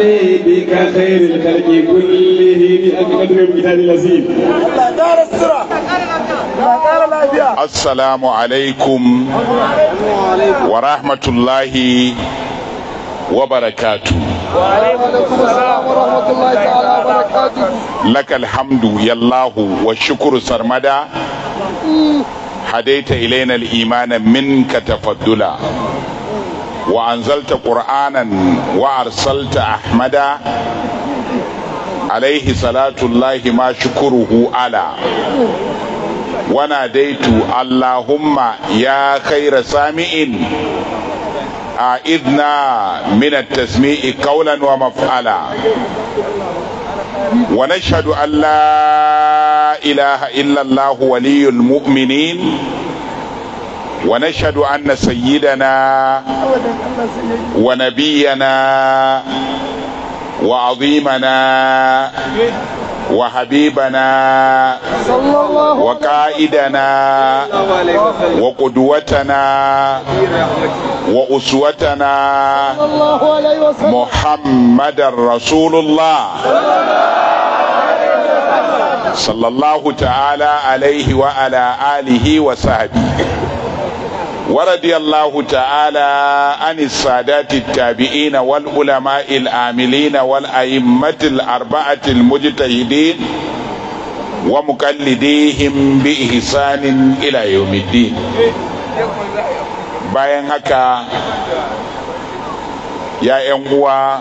بك خير الخلق كله بأكثر من الذين الله دار السرعة السلام عليكم ورحمة الله وبركاته وعليكم السلام ورحمة الله تعالى وبركاته لك الحمد يا الله والشكر سرمدا هديت إلينا الإيمان منك تفضلا وأنزلت قرآنا وأرسلت أحمدا عليه صلاة الله ما شكره على وناديت اللهم يا خير سامع أعذنا من التسميع قولا ومفعلا ونشهد أن لا إله إلا الله ولي المؤمنين ونشهد أن سيدنا ونبينا وعظيمنا وحبيبنا وقائدنا وقدوتنا وأسوتنا محمد رسول الله صلى الله تعالى عليه وعلى آله وصحبه ورضي الله تعالى عن السادات التابعين والعلماء العاملين والأئمة الأربعة المجتهدين ومقلديهم بإحسان إلى يوم الدين bayan haka ya 'yan uwa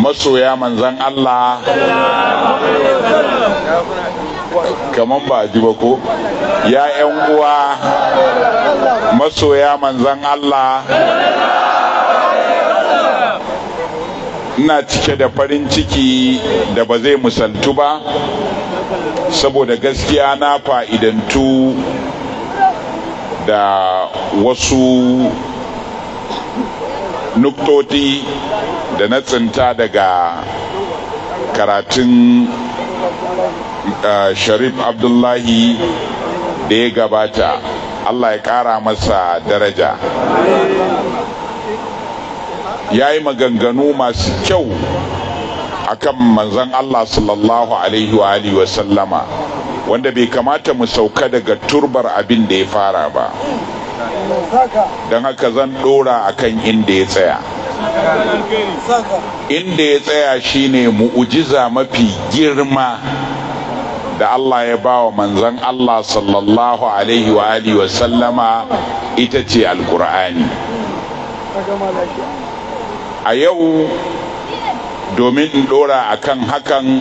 masoya manzan Allah kamar ba ji ba ko ya yan uwa masoya manzan Allah ina cike da farin ciki da ba zai musaltu ba saboda gaskiya na fa'idantu da wasu nuktoti da na tsinta daga karatun sharif abdullahi da ya gabata allah ya kara masa daraja ya yi maganganu masu kyau akan manzon allah sallallahu alaihi wa alihi wa sallama wanda bai kamata mu sauka daga turbar abin da ya fara ba don haka zan dora akan inda ya tsaya inda ya tsaya shine mu'ujiza mafi girma da Allah ya ba wa manzon Allah sallallahu alaihi wa alihi wa sallama ita ce alkur'ani a yau domin in dora kan hakan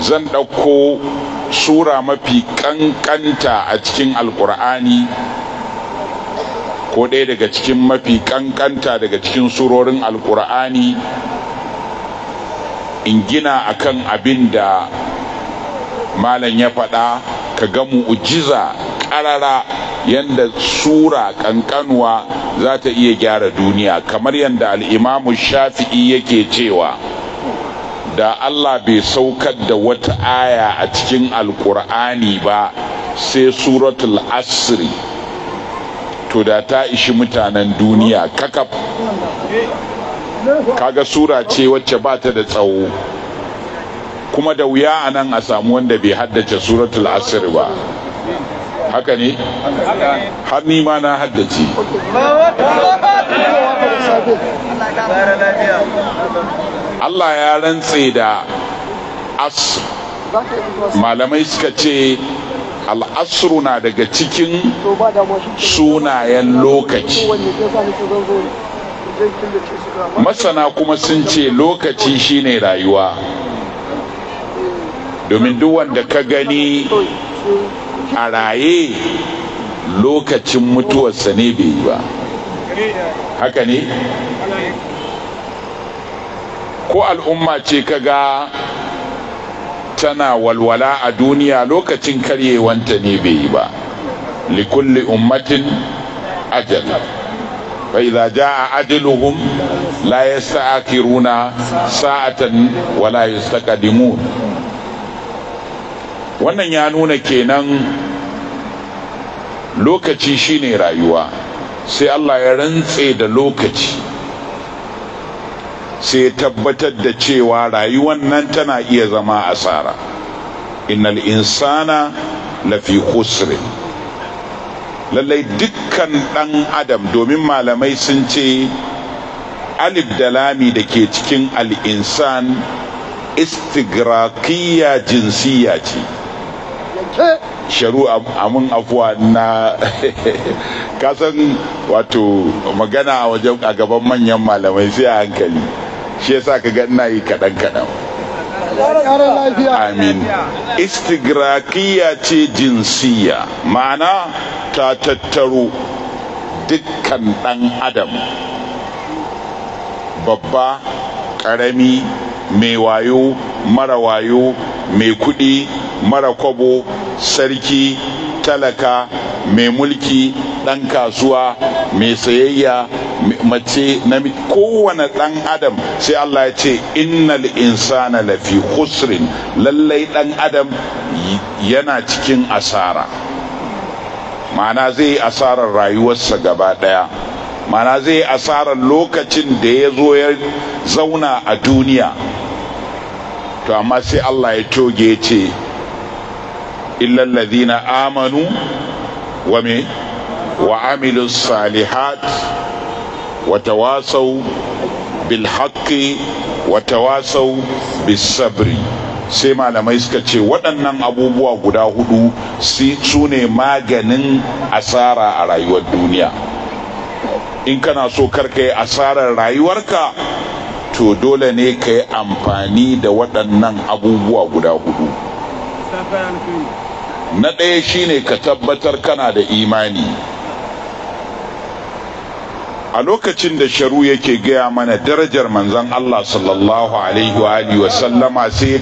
zan ɗauko sura mafi ƙanƙanta a cikin alkur'ani ko ɗaya daga cikin mafi ƙanƙanta daga cikin surorin alkur'ani in gina a kan abin da malam ya faɗa ka ga mu'ujiza ƙarara yanda sura ƙanƙanuwa za ta iya gyara duniya kamar yadda al'imamu shafi'i yake cewa da Allah bai saukar da wata aya a cikin alkur'ani ba sai suratul asri to da ta ishi mutanen duniya kakaf kaga sura ce wacce ba ta da tsawo kuma da wuya a nan a samu wanda bai haddace suratul asir ba haka ne har ni ma na haddace Allah ya rantse da asr malamai suka ce al'asru na daga cikin sunayen lokaci masana kuma sun ce lokaci shine rayuwa domin duk wanda ka gani a raye lokacin mutuwarsa ne bai yi ba haka ne ko al'umma ce ka ga tana walwala a duniya lokacin karyewanta ne bai yi ba likulli ummatin ajal fa idza jaa ajaluhum la yasta'khiruna sa'atan wala wannan ya nuna kenan lokaci shine rayuwa sai Allah ya rantse da lokaci sai ya tabbatar da cewa rayuwan nan tana iya zama asara innal insana lafi khusrin lallai dukkan ɗan adam domin malamai sun ce alif da lami da ke cikin al'insan istigrakiya jinsiyya ce sharu amin afuwa na kasan wato magana a wajen a gaban manyan malamai sai a hankali shi yasa ka ga ina yi kaɗan kaɗan amin istigrakiya ce jinsiya ma'ana ta tattaro dukkan ɗan adam babba ƙarami mai wayo mara wayo mai kuɗi mara kwabo sarki talaka mai mulki ɗan kasuwa mai sayayya mace namiji kowane ɗan adam sai Allah ya ce innal insana lafi husrin, lallai ɗan adam yana cikin asara ma'ana zai asarar rayuwarsa gaba ɗaya mana zai asarar lokacin da ya zo ya zauna a duniya to amma sai Allah ya toge ce illallazina amanu wa me wa amilu salihat wa tawasau bil haqqi wa tawasau bis sabri sai malamai suka ce waɗannan abubuwa guda hudu su ne maganin asara a rayuwar duniya in kana so karka yi asarar rayuwarka to dole ne ka yi amfani da waɗannan abubuwa guda hudu na ɗaya shine ka tabbatar kana da imani a lokacin da sharu yake gaya mana darajar manzan Allah sallallahu alaihi wa sai ya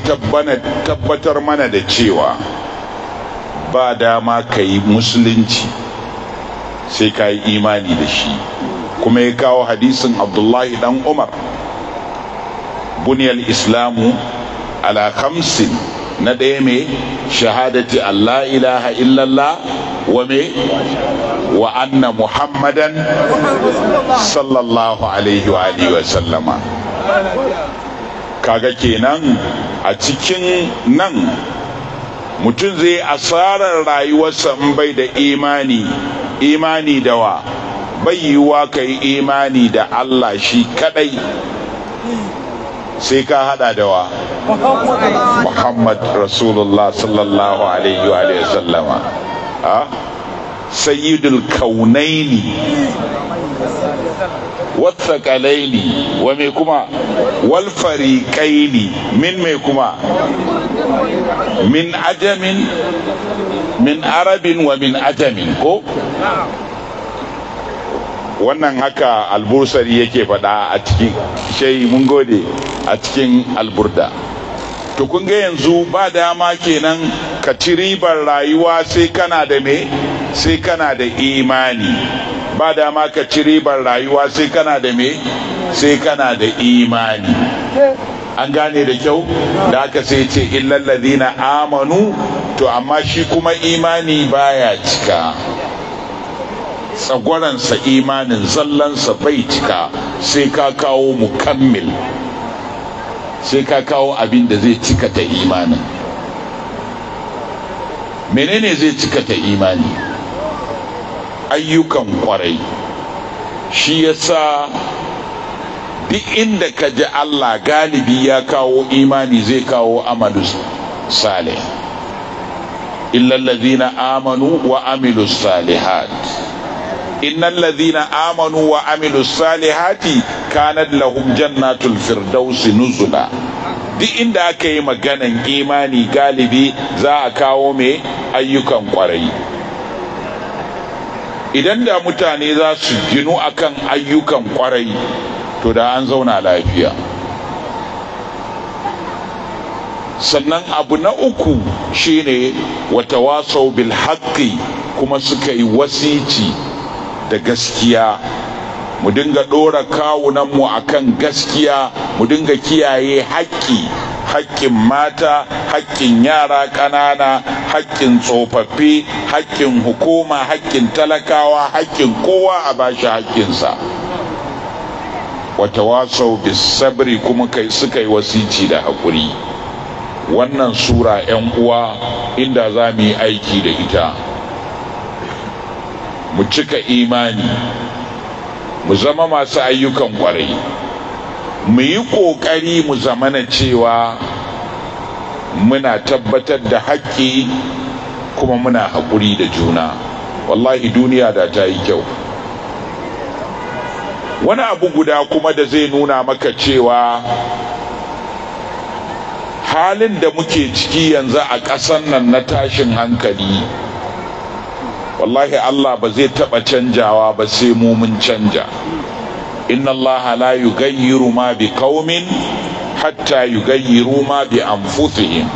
tabbatar mana da cewa ba dama ka yi musulunci sai ka yi imani da shi kuma ya kawo hadisin abdullahi dan umar buniyar islamu ala khamsin na ɗaya mai shahadati Allah ilaha illallah wa me wa anna muhammadan sallallahu alaihi wa alihi wa sallama kaga kenan a cikin nan mutum zai asarar rayuwarsa in bai da imani imani da wa bai yiwuwa ka yi imani da Allah shi kadai sai ka hada da wa Muhammad Rasulullah sallallahu alaihi wa sallama sayyidul kaunaini wathaqalaini wa mai kuma wal fariqaini min mai kuma min ajamin min arabin wa min ajamin ko wannan haka albursari yake faɗa a cikin shai mun gode a cikin alburda to kun ga yanzu ba dama kenan ka ci ribar rayuwa sai kana da me sai kana da imani ba dama ka ci ribar rayuwa sai kana da me sai kana da imani an gane da kyau da aka sai ce illallazina amanu to amma shi kuma imani baya cika tsagwaransa imanin zallansa bai cika sai ka kawo mukammil sai ka kawo abin da zai cika ta imanin menene zai cika ta imani ayyukan kwarai shi yasa duk inda ka ji Allah galibi ya kawo imani zai kawo amalu salih illallazina amanu wa amilu salihat innal ladina amanu wa amilus salihati kanat lahum jannatul firdausi nuzula duk inda aka yi maganan imani galibi za a kawo mai ayyukan kwarai idan da mutane za su ginu akan ayyukan kwarai to da an zauna lafiya sannan abu na uku shine wata wasau bil haqqi kuma suka yi wasici da gaskiya mu dinga ɗora kawunanmu a kan gaskiya mu dinga kiyaye haƙƙi haƙƙin mata haƙƙin yara ƙanana haƙƙin tsofaffi haƙƙin hukuma haƙƙin talakawa haƙƙin kowa a bashi haƙƙinsa wata wasau bisabri kuma kai suka yi wasici da haƙuri wannan sura 'yan uwa inda za mu yi aiki da ita mu cika imani mu zama masu ayyukan kwarai mu yi ƙoƙari mu zamana cewa muna tabbatar da haƙƙi kuma muna haƙuri da juna wallahi duniya da ta yi kyau wani abu guda kuma da zai nuna maka cewa halin da muke ciki yanzu a ƙasan nan na tashin hankali wallahi Allah ba zai taɓa canjawa ba sai mu mun canja inna Allah la yugayyiru ma bi qaumin hatta yugayyiru ma bi anfusihim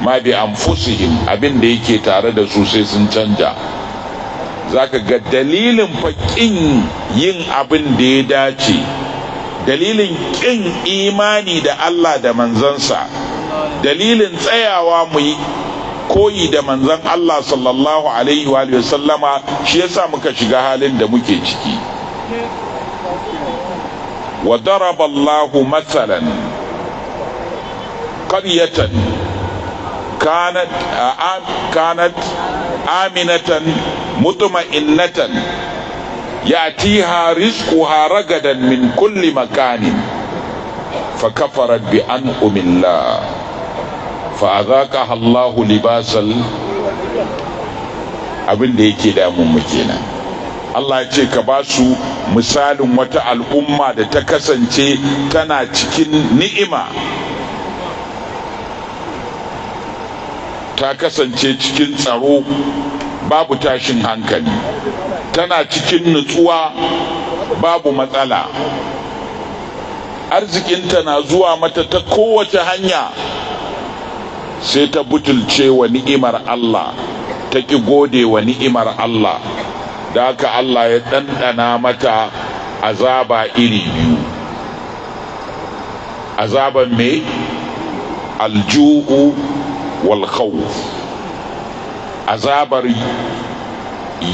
ma bi anfusihim abin da yake tare da su sai sun canja zaka ga dalilin faƙin yin abin da ya dace dalilin ƙin imani da Allah da manzansa dalilin tsayawa mu yi koyi da manzon Allah sallallahu alaihi wa sallama shi yasa muka shiga halin da muke ciki wa daraba Allahu matsalan qaryatan kanat kanat aminatan mutma'innatan يأتيها min kulli من كل مكان فكفرت بأنعم الله fa'azaka Allahu libasal abin da yake damun mu kenan Allah ya ce ka ba su misalin wata al'umma da ta kasance tana cikin ni'ima ta kasance cikin tsaro babu tashin hankali tana cikin nutsuwa babu matsala arzikinta na zuwa mata ta kowace hanya sai ta butulce wa ni'imar Allah ta ki gode wa ni'imar Allah da haka Allah ya ɗanɗana mata azaba iri biyu azaban me alju'u wal azabar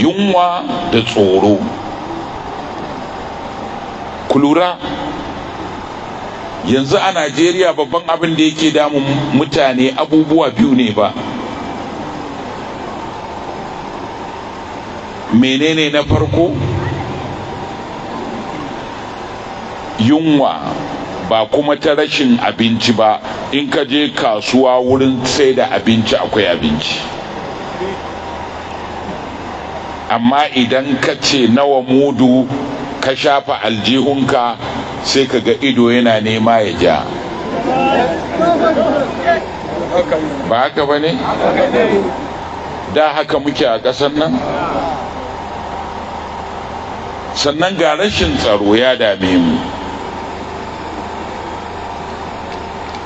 yunwa da tsoro kulura yanzu a najeriya babban abin da yake damun mutane abubuwa biyu ne ba menene na farko yunwa ba kuma ta rashin abinci ba in ka je kasuwa wurin sai da abinci akwai abinci amma idan ka ce nawa mudu ka shafa aljihunka sai ka ga ido yana nema ya ja ba haka ba ne da haka muke a ƙasar nan sannan ga rashin tsaro ya dame mu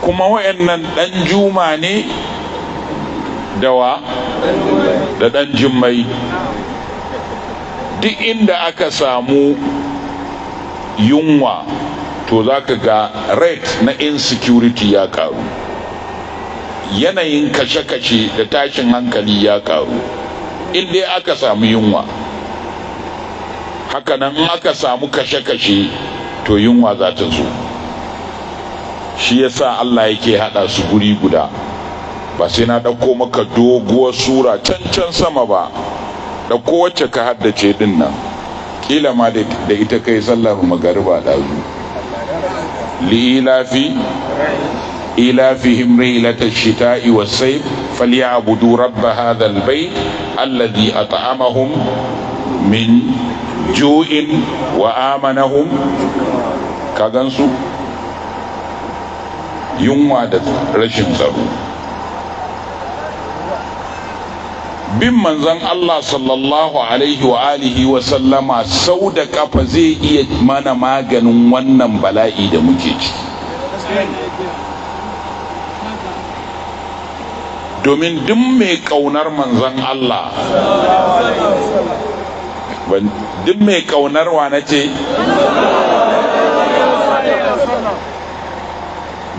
kuma nan ɗan juma ne dawa da ɗan jimmai duk inda aka samu yunwa to za ka ga rate na insecurity ya karu yanayin kashe-kashe da tashin hankali ya karu inda aka samu yunwa hakanan in aka samu kashe-kashe to yunwa za ta zo shi ya sa Allah yake hada su guri guda ba sai na ɗauko maka doguwar sura can can sama ba da kowace ka haddace din kila da ita kai sallah magariba da yi li ilafi ilafi himri ilata shita iwa sai faliya abudu rabba hadal bai alladhi at'amahum min ju'in wa amanahum ka gansu yunwa da rashin tsaro bin manzon Allah sallallahu alaihi wa alihi wa sallama sau da kafa zai iya mana maganin wannan bala'i da muke ci domin duk mai kaunar manzon Allah duk mai kaunar wane na ce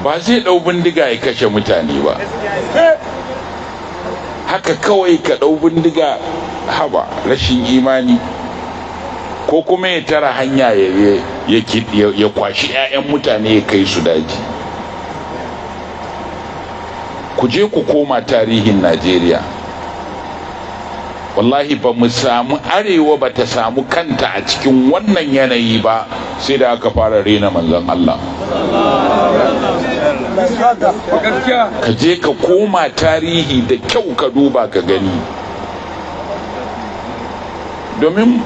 ba zai ɗau bindiga ya kashe mutane ba haka kawai ka ɗau bindiga haba rashin imani ko kuma ya tara hanya ya kwashi 'ya'yan mutane ya kai su daji ku je ku koma tarihin najeriya wallahi ba mu samu arewa ba ta samu kanta a cikin wannan yanayi ba sai da aka fara rena manzon allah ka je ka koma tarihi da kyau ka duba ka gani domin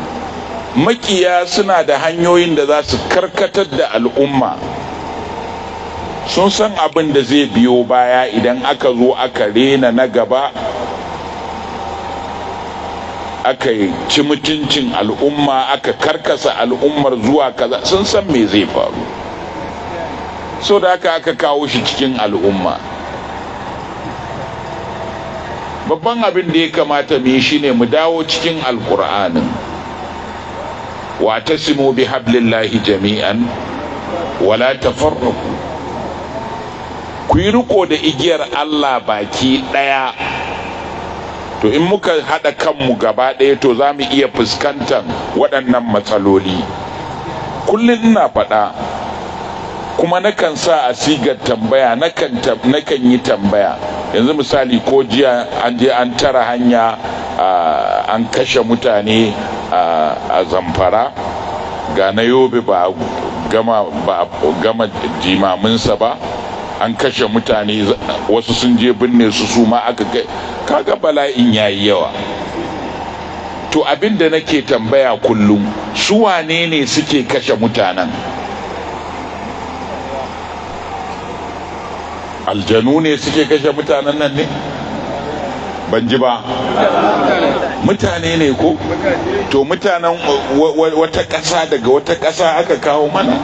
makiya suna da hanyoyin da za su karkatar da al'umma sun san abin da zai biyo baya idan aka zo aka rena na gaba aka yi ci mutuncin al'umma aka karkasa al'ummar zuwa kaza sun san me zai faru so da haka aka kawo shi cikin al'umma babban abin da ya kamata mu yi shine mu dawo cikin alkur'anin wa tasimu bi hablillahi jami'an wala tafarraqu ku yi riko da igiyar Allah baki daya to in muka haɗa kanmu gaba ɗaya to za mu iya fuskantar waɗannan matsaloli kullum ina faɗa kuma nakan sa a sigar tambaya nakan yi tambaya yanzu misali ko jiya an je an tara hanya an kashe mutane a zamfara ga na yobe ba a gama jimaminsa ba an kashe mutane wasu sun je binne su su ma aka kai kaga bala'in yi yawa to abin da nake tambaya kullum su wane ne suke kashe mutanen aljanu ne suke kashe mutanen nan ne ban ji ba mutane ne ko to mutanen wata ƙasa daga wata ƙasa aka kawo mana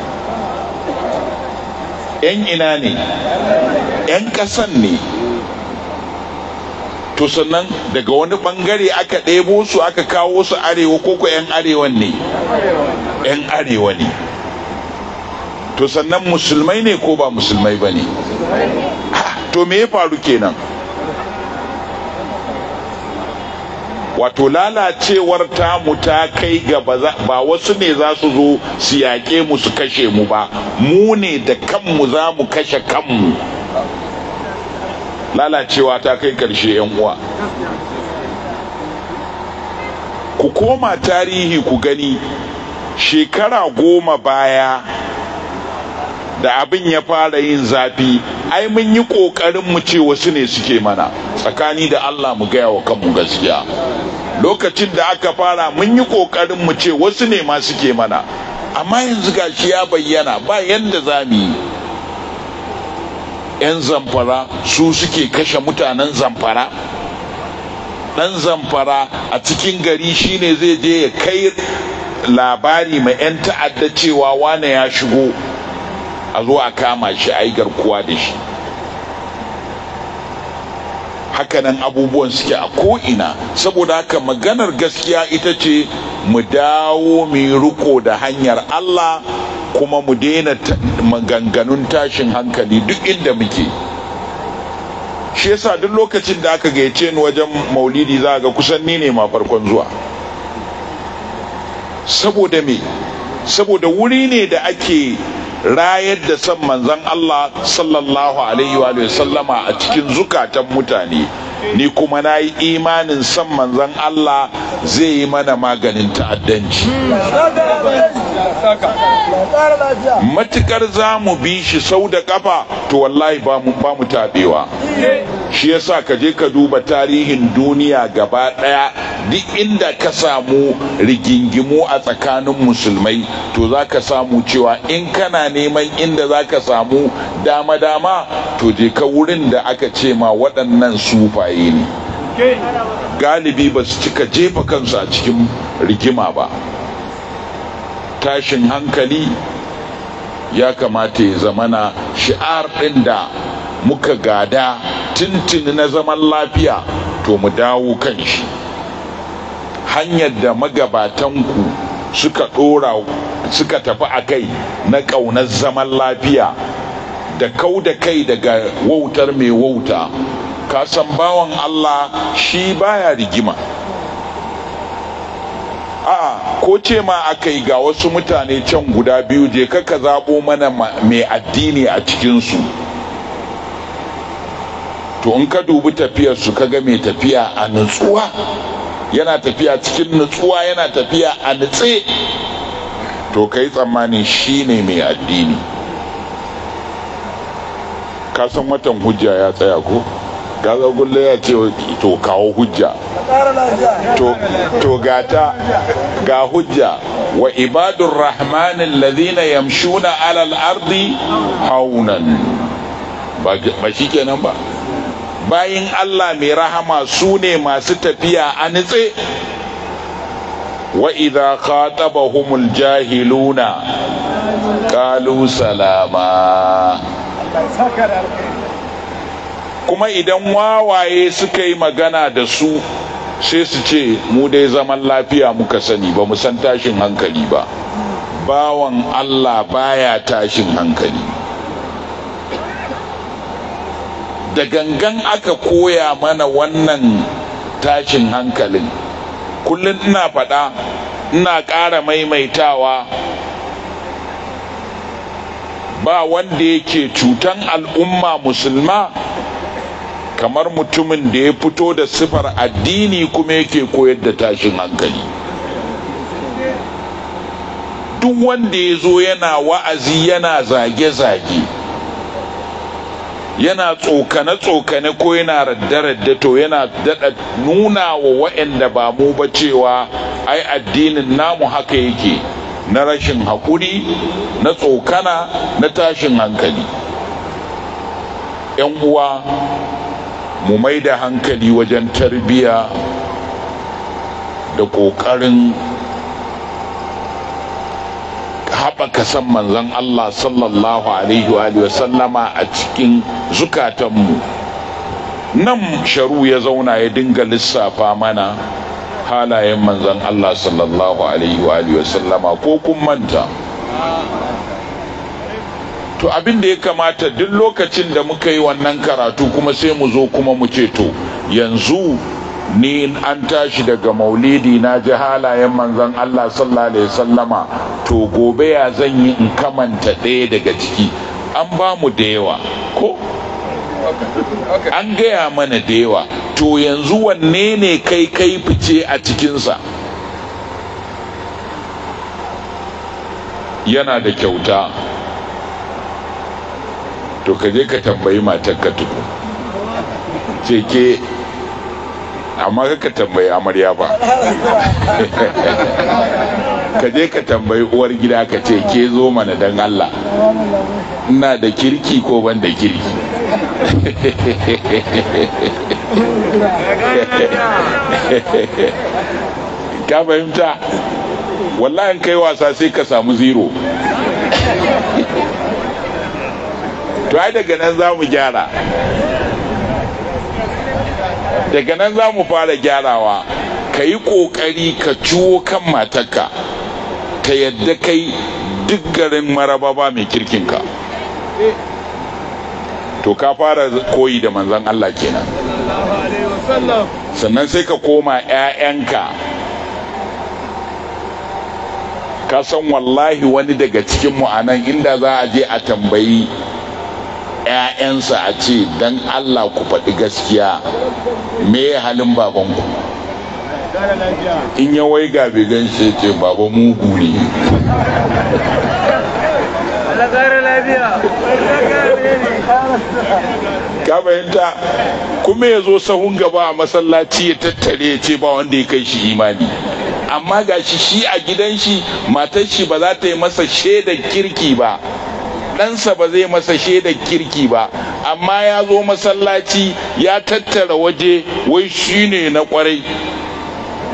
yan ina ne yan ƙasan ne to sannan daga wani ɓangare aka ɗebo su aka kawo su arewa ko ko yan arewan ne yan arewa ne to sannan musulmai ne ko ba musulmai ba ne to me ya faru kenan wato lalacewar tamu ta kai ga ba wasu ne za su zo su yaƙe mu su kashe mu ba mu ne da kanmu za mu kashe kanmu lalacewa ta kai ƙarshe uwa ku koma tarihi ku gani shekara goma baya da abin ya fara yin zafi ai mun yi ƙoƙarin mu ce wasu ne suke mana tsakani da Allah mu gaya wa kanmu gaskiya lokacin da aka fara mun yi ƙoƙarin mu ce wasu ne ma suke mana amma yanzu gashi ya bayyana ba yanda za mu yi 'yan zamfara su suke kashe mutanen zamfara ɗan zamfara a cikin gari shine zai je ya kai labari mai 'yan ta'adda cewa wane ya shigo a zo a kama shi a yi garkuwa da shi hakanan abubuwan suke a ko'ina saboda haka maganar gaskiya ita ce mu dawo mu riko da hanyar Allah kuma mu daina maganganun tashin hankali duk inda muke shi yasa duk lokacin da aka gaice ni wajen maulidi za ga kusan ni ne ma farkon zuwa saboda me saboda wuri ne da ake rayar da son manzon Allah sallallahu alaihi wa sallama a cikin zukatan mutane ni kuma na yi imanin san manzan Allah zai yi mana maganin ta'addanci matukar za mu bi shi sau da kafa to wallahi ba mu ba mu tabewa shi yasa ka je ka duba tarihin duniya gaba ɗaya duk inda ka samu rigingimu a tsakanin musulmai to za ka samu cewa in kana neman inda za ka samu dama-dama to je ka wurin da aka ce ma waɗannan sufaye ne galibi ba su cika jefa kansu a cikin rigima ba tashin hankali ya kamata ya zamana shi'ar ɗin da muka gada tuntun na zaman lafiya to mu dawo kan shi hanyar da magabatanku suka ɗora suka tafi a kai na ƙaunar zaman lafiya da kau da kai daga wautar mai wauta ka san bawan Allah shi baya rigima a'a ko ce ma aka yi ga wasu mutane can guda biyu je ka ka zaɓo mana mai addini a cikinsu to in ka dubi tafiyarsu ka ga mai tafiya a nutsuwa yana tafiya cikin nutsuwa yana tafiya a nutse to ka yi tsammanin shi ne mai addini ka san watan hujja ya tsaya ko? ka zo ya ce to kawo hujja to gata ga hujja wa ibadun rahmanin ladina yamshuna alal ardi haunan ba shi kenan ba bayin Allah mai rahama su ne masu tafiya a nitse wa idha khatabahumul jahiluna qalu salama kuma idan wawaye suka yi magana da su sai su ce mu dai zaman lafiya muka sani ba mu san tashin hankali ba bawan allah baya tashin hankali da gangan aka koya mana wannan tashin hankalin kullum ina faɗa ina ƙara maimaitawa ba wanda yake cutan al'umma musulma kamar mutumin da ya fito da sifar addini kuma yake koyar da tashin hankali duk wanda ya zo yana wa'azi yana zage-zage yana tsokane-tsokane ko yana radda-radda to yana daɗa nuna wa waɗanda ba mu ba cewa ai addinin namu haka yake na rashin haƙuri na tsokana na tashin hankali 'yan uwa mu mai da hankali wajen tarbiya da ƙoƙarin haɓaka san manzan Allah sallallahu alaihi wa sallama a cikin zukatanmu nan sharu ya zauna ya dinga lissafa mana halayen manzan Allah sallallahu alaihi wa sallama ko kun manta to abin da ya kamata duk lokacin da muka yi wannan karatu kuma sai mu zo kuma mu ce to yanzu ni an tashi daga maulidi na ji halayen manzon Allah sallallahu alaihi sallama to gobe ya zan yi in kamanta ɗaya daga ciki an ba mu da yawa ko an gaya mana da yawa to yanzu wanne ne kai kai fice a cikinsa yana da kyauta to ka je ka tambayi matar ka tuku ce ke amma ka tambayi amarya ba ka je ka tambayi uwar gida ka ce ke zo mana don Allah ina da kirki ko ban da kirki ka fahimta wallahi kai wasa sai ka samu zero to ai daga nan za mu gyara daga nan za mu fara gyarawa ka yi ƙoƙari ka ciwo kan matarka ta yadda kai duk garin maraba ba mai kirkinka to ka fara koyi da manzan Allah kenan sannan sai ka koma 'ya'yanka ka san wallahi wani daga cikin mu anan inda za a je a tambayi 'ya'yansa a ce don allah ku faɗi gaskiya me halin babanku in ya waiga gan shi ce baba mugu ne kuma ya zo sahun gaba a masallaci ya tattare ya ce ba wanda ya kai shi imani amma ga shi shi a gidan shi matar shi ba za ta yi masa shaidar kirki ba ɗansa ba zai masa shaidar kirki ba amma ya zo masallaci ya tattara waje wai shine na kwarai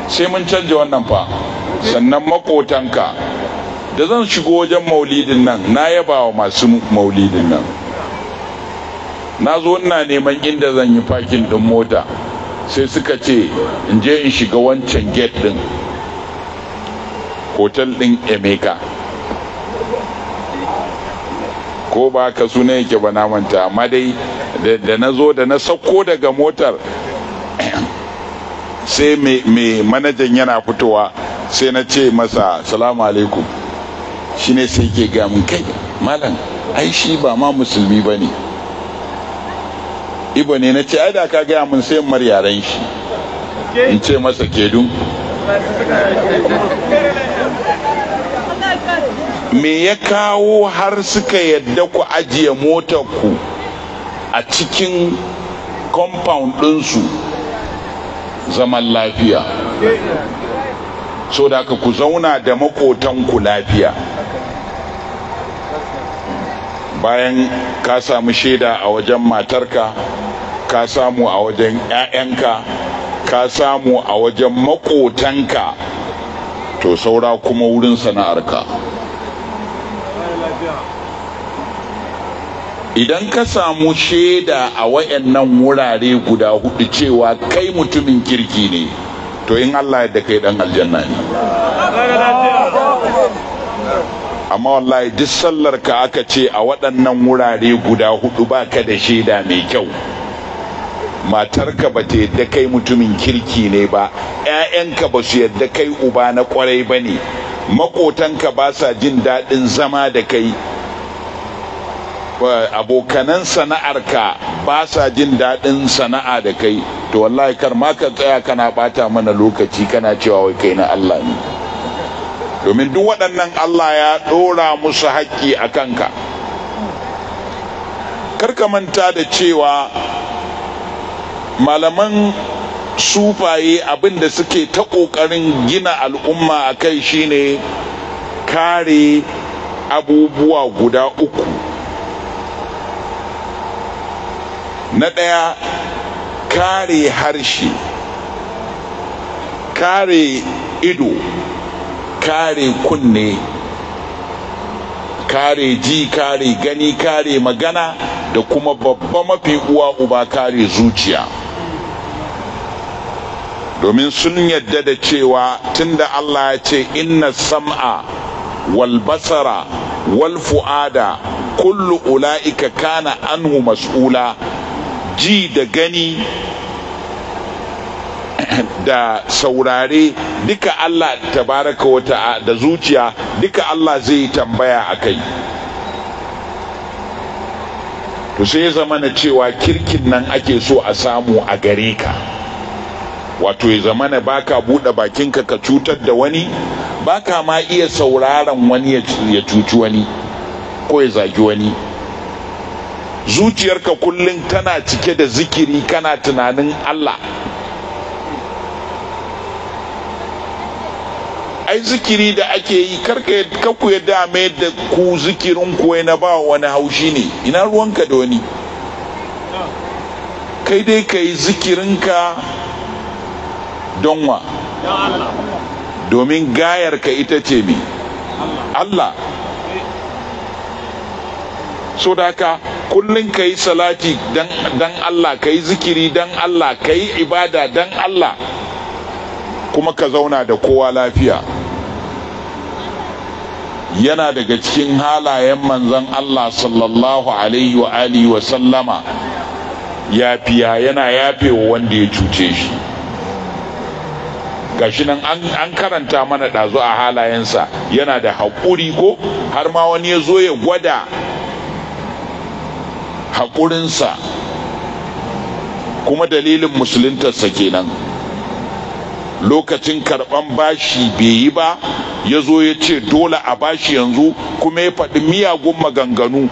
sai mun canja wannan fa sannan makotanka da zan shigo wajen maulidin nan na yaba wa masu maulidin nan na zo ina neman inda zan yi fakin ɗin mota sai suka ce in je in shiga wancan gate ɗin hotel ɗin emeka ko ba ka suna yake ba na manta amma dai da na zo da na sauko daga motar sai mai manajan yana fitowa sai na ce masa salamu alaikum shi ne sai ke gamin kai malam ai shi ba ma musulmi ba ne ibo ne na ce ai da ka gaya mun sai mar yaren shi in ce masa kedun me ya kawo har suka yadda ku ajiye motar ku a cikin compound ɗinsu zaman lafiya so da ka ku zauna da makotanku lafiya bayan ka samu shaida a wajen matarka ka samu a wajen 'ya'yanka ka samu a wajen makotanka to saura kuma wurin sana'arka idan ka samu shaida a wayannan wurare guda hudu cewa kai mutumin kirki ne to in Allah da kai dan aljanna ne amma wallahi duk sallar ka aka ce a waɗannan wurare guda hudu baka da shaida mai kyau matarka ba ta yadda kai mutumin kirki ne ba 'ya'yanka ba su yadda kai uba na kwarai ba ne maƙotanka ba sa jin daɗin zama da kai abokanan sana'arka ba sa jin daɗin sana'a da kai to wallahi kar ma ka tsaya kana ɓata mana lokaci kana cewa wai kai na Allah ne domin duk waɗannan Allah ya ɗora musu haƙƙi a kanka karka manta da cewa malaman sufaye abinda suke ta kokarin gina al'umma a kai shine kare abubuwa guda uku na ɗaya kare harshe kare ido kare kunne kare ji kare gani kare magana da kuma babba mafi uwa uba kare zuciya domin sun yadda da cewa tunda Allah ya ce inna sam'a wal basara wal fu'ada kullu ula'ika kana anhu mas'ula ji da gani da saurare duka Allah tabaraka wata da zuciya duka Allah zai tambaya a kai to sai ya zama na cewa kirkin nan ake so a samu a gare ka wato ya zama na baka buɗe bakinka ka cutar da wani baka ma iya sauraron wani ya cuci wani ko ya zagi wani zuciyarka kullum tana cike da zikiri kana tunanin Allah ai zikiri da ake yi karka kaku ya dame da ku zikirin ku na ba wani haushi ne ina ruwanka da wani kai dai ka yi zikirinka don wa domin gayar ka ita ce mi Allah so da ka kullum ka yi salati dan Allah ka yi zikiri dan Allah ka yi ibada dan Allah kuma ka zauna da kowa lafiya yana daga cikin halayen manzan Allah sallallahu alaihi wa alihi wa sallama yafiya yana yafewa wanda ya cuce shi gashi nan an karanta mana ɗazu a halayensa yana da haƙuri ko har ma wani ya zo ya gwada haƙurinsa kuma dalilin musuluntarsa kenan lokacin karɓan bashi bai yi ba ya zo ya ce dole a bashi yanzu kuma ya faɗi miyagun maganganu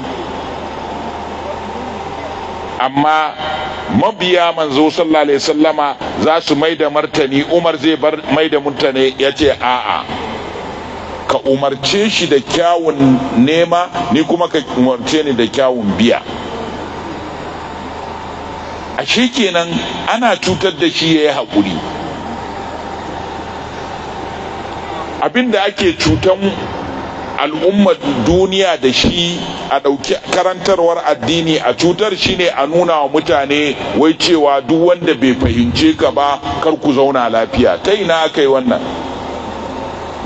amma mabiya manzo sallallahu alaihi sallama za su mai da martani umar zai bar mai da mutane ya ce a'a ka umarce shi da kyawun nema ni kuma ka umarce ni da kyawun biya a shi kenan ana cutar da shi ya yi haƙuri abinda ake cutan al'ummar duniya da shi a ɗauki karantarwar addini a cutar shi ne a nuna wa mutane wai cewa duk wanda bai fahimce ka ba kar ku zauna lafiya ta ina aka yi wannan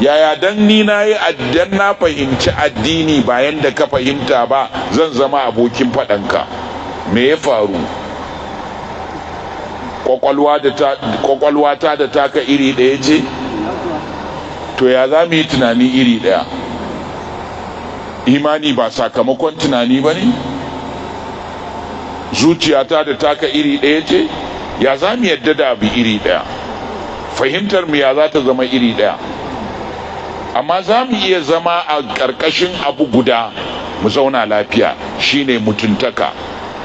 yaya dan ni na yi dan na fahimci addini bayan da ka fahimta ba zan zama abokin faɗanka me ya faru kwakwalwata da taka iri ɗaya ce to ya za mu yi tunani iri ɗaya imani ba sakamakon tunani ba ne zuciyata da taka iri ɗaya ce ya za mu yadda da abu iri ɗaya fahimtar mu ya za ta zama iri ɗaya amma za mu iya zama a ƙarƙashin abu guda mu zauna lafiya shine mutuntaka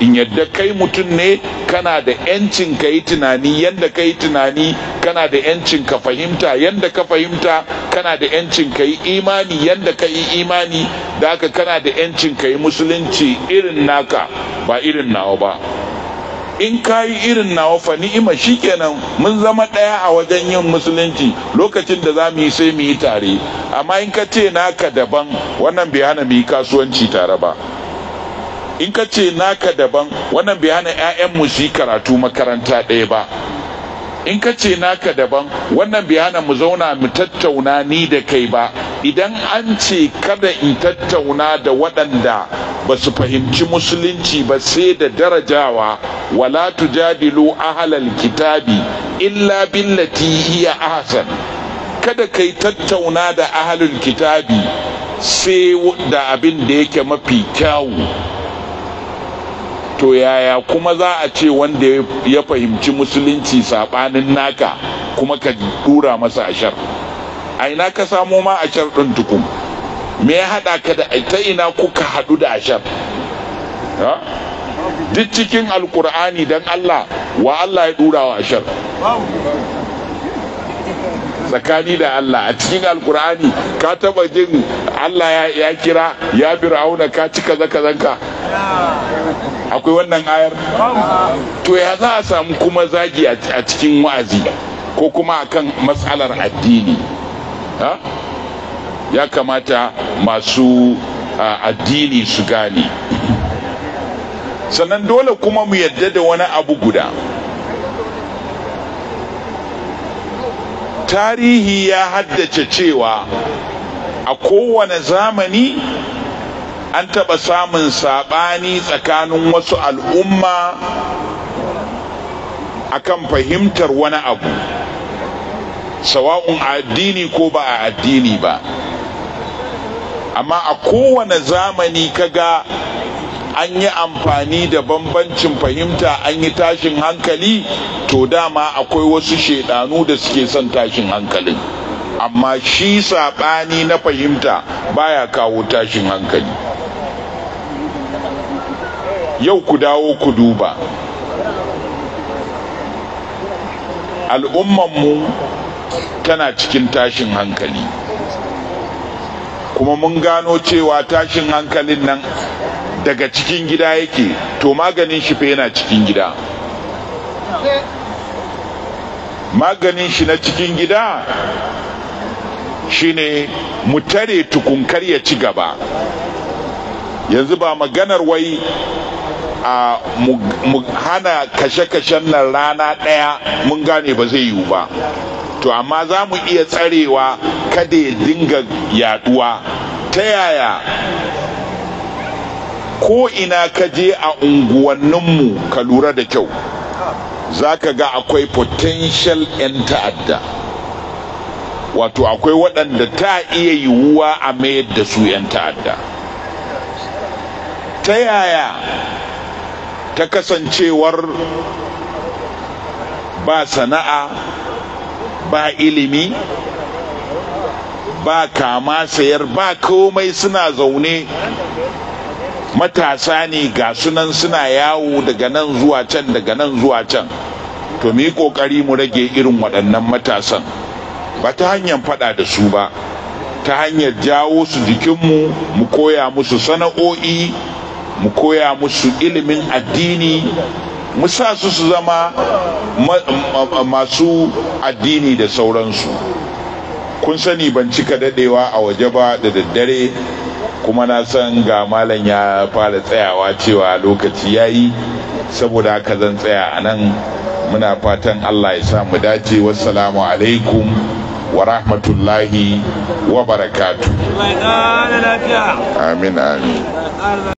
in yadda kai mutum ne kana da yancin ka yi tunani yadda ka yi tunani kana da yancin ka fahimta yadda ka fahimta kana da yancin ka yi imani yadda ka yi imani da haka kana da yancin ka yi musulunci irin naka ba irin nawa ba in ka yi irin nawa fa ni'ima shikenan mun zama ɗaya a wajen yin musulunci lokacin da za mu yi sai mu yi tare amma in ka ce naka daban wannan bai hana mu yi kasuwanci tare ba in ka ce naka daban wannan bai hana 'ya'yanmu su karatu makaranta ɗaya ba in ka ce naka daban wannan bai hana mu zauna mu tattauna ni da kai ba idan an ce kada in tattauna da waɗanda ba su fahimci musulunci ba sai da darajawa wala tujadilu ahlal kitabi illa billati hiya ahsan kada kai tattauna da ahlul kitabi sai da abin da yake mafi kyawu to yaya kuma za a ce wanda ya fahimci musulunci saɓanin naka kuma ka dura masa ashar a ina ka samo ma ashar ɗin tukun me ya haɗa ka da ta ina kuka haɗu da ashar duk cikin alkur'ani don allah wa allah ya dura wa ashar tsakani da Allah a cikin alkur'ani ka taɓa jin Allah ya kira ya fir'auna ka cika zaka kazanka akwai wannan ayar to ya za a samu kuma zagi a cikin wa'azi ko kuma a kan matsalar addini ya kamata masu addini su gane sannan dole kuma mu yadda da wani abu guda tarihi ya haddace cewa a kowane zamani an taɓa samun saɓani tsakanin wasu al'umma a kan fahimtar wani abu sawa'un addini ko ba a addini ba amma a kowane zamani kaga an yi amfani da bambancin fahimta an yi tashin hankali to dama akwai wasu shaidanu da suke son tashin hankalin amma shi saɓani na fahimta baya kawo tashin hankali yau ku dawo ku duba al'ummanmu tana cikin tashin hankali kuma mun gano cewa tashin hankalin nan daga cikin gida yake to maganin shi fa yana cikin gida maganin shi na cikin gida shine mu tare tukunkar ya ci gaba yanzu ba maganar wai a mu hana kashe-kashen nan rana ɗaya mun gane ba zai yiwu ba to amma za mu iya tsarewa kada ya dinga yaduwa ta yaya ko ina ka je a unguwanninmu ka lura da kyau za ka ga akwai potential 'yan ta'adda wato akwai waɗanda ta iya yiwuwa a mayar da su 'yan ta'adda ta yaya ta kasancewar ba sana'a ba ilimi ba kama sayar ba komai suna zaune matasa ne ga sunan suna yawo daga nan zuwa can daga nan zuwa can to mu yi kokari mu rage irin waɗannan matasan ba ta hanyar faɗa da su ba ta hanyar jawo su jikinmu mu koya musu sana'o'i mu koya musu ilimin addini mu sa su su zama masu addini da sauransu kun sani ban cika dadewa a waje ba da daddare kuma na san ga malam ya fara tsayawa cewa lokaci ya yi saboda haka zan tsaya a nan muna fatan allah ya samu mu dace wassalamu alaikum wa rahmatullahi wa barakatu amin amin